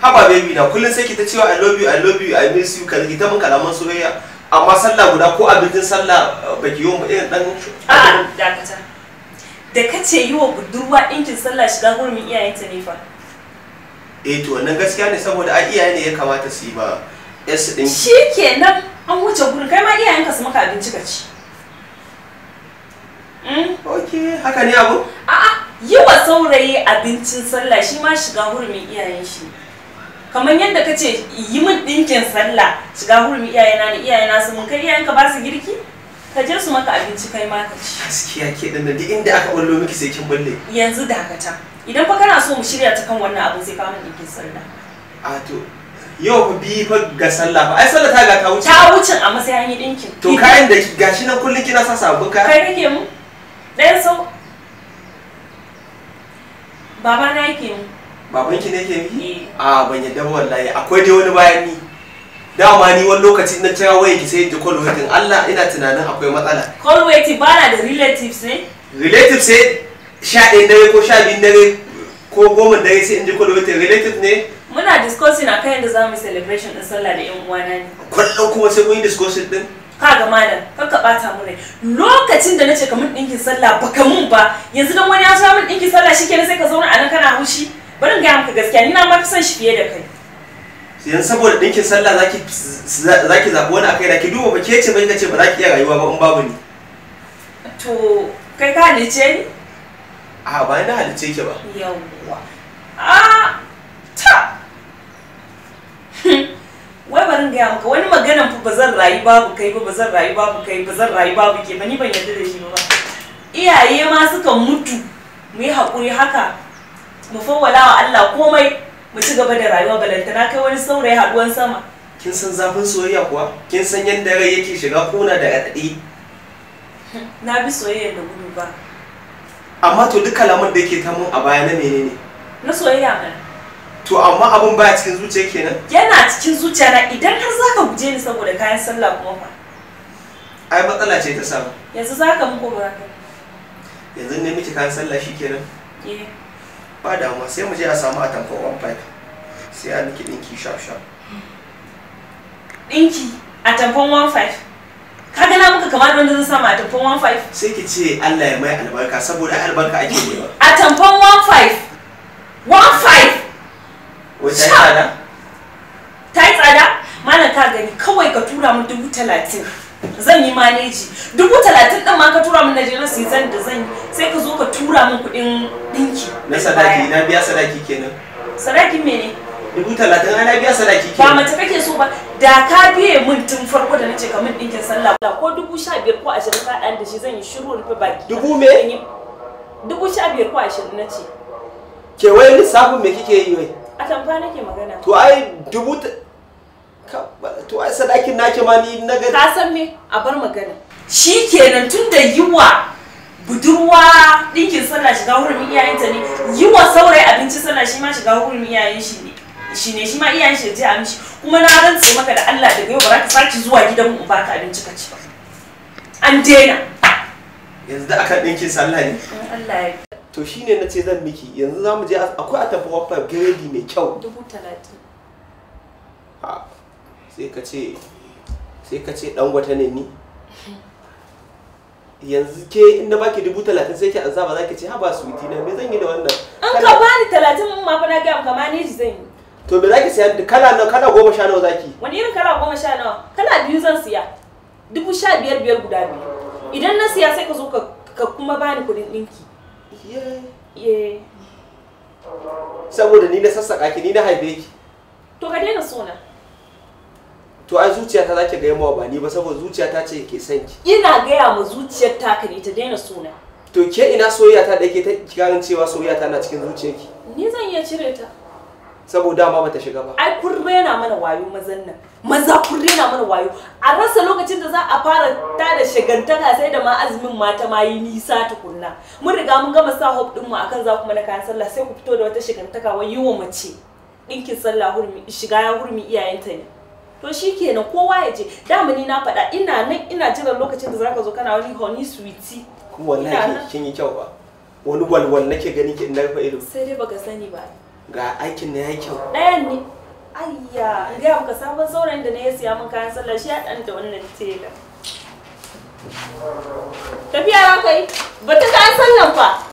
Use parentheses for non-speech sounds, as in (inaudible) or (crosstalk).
haba baby na kullum sai kita ta cewa i love you i love you i miss you kan ki ta mun kalaman soyayya amma sallah guda ko abincin sallah uh, baki yi mu irin dan a dakata da kace yi wa budurwa ɗinkin sallah shiga gurbin iyayenta ne fa eh to wannan gaskiya ne saboda a iyaye ne ya kamata su yi ba yes din shikenan an wuce gurin kai ma iyayenka su maka abinci ka ci hmm? ok haka ne abu a'a yi wa saurayi abincin sallah shi ma shiga hurumin iyayen shi kamar yadda ka ce yi min ɗinkin sallah shiga hurumi iyayena ne iyayena su mun kai iyayenka ba su girki ka je su maka abinci kai ma ka ci gaskiya ke dan da inda aka ballo miki sai kin balle yanzu dakata idan fa kana so mu shirya ta kan wannan abu sai ka mun ɗinkin sallah a to yau ku bi fa ga sallah ba ai sallah ta ga ta wuce ta wuce a matsayin yi ɗinkin to kayan da gashi nan kullun kina sa sabon ka kai kake mu ɗaya so baba na yake mu baban ki ne ke yi? Eh. a ban yadda wallahi akwai dai wani bayani? Da dama ni wani lokaci na cewa waye ki sai ji call waiting Allah ina tunanin akwai matsala call waiting ba na da relatives ne relatives sai sha ɗaya dare ko sha biyu dare ko goma dare sai in ji call waiting relatives ne muna discussing akan yadda za mu celebration din sallah da yan uwana ne kwallon kuma sai kun yi discussing din kaga malam kar ka bata mu rai lokacin da nace ka mun dinkin sallah baka mun ba yanzu dan wani ya sha mun dinkin sallah shikenan sai ka zauna a nan kana hushi Bari ga maka gaskiya ni na ma son shi fiye da kai. Yanzu saboda ɗinkin sallah zaki zaki zabi wani akai da ki duba ba ke ce ba ce ba za ki iya rayuwa ba in babu ni. To kai ka halice ni? A ba na halice ki ba. Yawwa. A ta. (laughs) wai barin gaya maka wani maganan fa ba zan rayu babu kai ba ba zan rayu babu kai ba zan rayu babu ke ba ni ban yarda da shi ba iyaye ma suka mutu mu yi haƙuri haka mu wala wa Allah komai mu ci gaba da rayuwa balantana kai wani saurayi haduwan sama kin san zafin soyayya kuwa kin san yadda rai yake shiga kuna da raɗaɗi (laughs) na bi soyayyar da gudu ba amma to duk kalamar da yake ta mun a baya na menene na soyayya mana to amma abun baya cikin zuciya kenan yana cikin zuciya na idan har zaka guje ni saboda kayan sallah kuma fa ai matsala ce ta samu yanzu zaka mu ko ba yanzu ne miki kayan sallah shikenan eh ba damuwa sai mu je a samu atamfa one pipe sai a miki dinki sharp sharp dinki atamfan one five ka gana muka kamar wanda zan samu atamfan one five sai ki ce Allah ya mai albarka saboda ai albarka ake yi nema atamfan one five one five wata tsada ta yi tsada malam ka gani kawai ka tura mu dubu talatin zan yi maneji dubu talatin din ma ka tura mu na je na zan da zan yi sai ka zo tura min kuɗin ɗinki na sadaki na biya sadaki kenan sadakin mene dubu talatin ana biya sadaki kenan ba mace kake so ba da ka biye min tun farko da nace ka min ɗinkin sallah ko dubu sha biyar ko ashirin ka ɗan da shi zan yi shiru rufe baki dubu me dubu sha biyar ko ashirin na ce ke wai lissafin me kike yi wai a tamfa nake magana to ai dubu to ai sadakin nake ma ni na ga ka san me a bar magana kenan tun da yiwa dinkin sallah shiga hurumin ta ne yi wa saurayi abinci sallah shi ma shiga hurumin iyayen shi ne shi ne shi ma iyayen shi je amshi kuma na rantse maka da Allah daga yau ba za ka sake zuwa gidan mu ba ka abinci ka ci ba an daina yanzu da aka dinkin sallah ne Allah ya to shine na ce zan miki yanzu za mu je akwai a tafi wafa gredi mai kyau dubu talatin sai ka ce sai ka ce dan gwata ne ni (laughs) yanzu ke in na baki dubu talatin sai ke an ba za ki ce ha ba suwiti na me zan yi da wannan an ka ni talatin mun ma fa na gaya maka ji zan yi to me za ki siya kala nawa kala goma sha nawa zaki wani irin kala goma sha nawa kala biyu zan siya dubu sha biyar biyar guda biyu idan na siya sai ka zo ka kuma ni kuɗin ɗinki saboda ni na sassaƙa ki ni na haife ki to ka daina sona to ai zuciyata zaki gaya mawa ba ni ba saboda zuciyata ce ke son ki ina gaya ma zuciyar ta ka ne ta daina suna to ke ina soyayya ta dake ta kiran cewa soyayya ta na cikin zuciyarki ni zan iya cire ta saboda ma bata shiga ba ai kun yana mana wayo mazan nan maza kun yana mana wayo a rasa lokacin da za a fara ta da shagantaka sai da ma azumin mata ma yi nisa ta kunna. mun riga mun gama sa hope din mu akan za kuma na kayan sallah sai ku fito da wata shagantaka wai yi wa mace ɗinkin sallah hurmi shiga ya hurmi iyayenta ne to shi kenan kowa ya je dama ni na faɗa ina nan ina jiran lokacin da zaka zo kana wani honey sweetie kuma wallahi kin yi kyau ba wani walwal nake gani ki inda fa'ido sai dai baka sani ba ga aikin na ya kyau ɗayan ne ayya ga maka sabon saurayin da na ya siya min kayan sallah shi ya dan da wannan tela tafiya ra kai. ba ta kayan sallan fa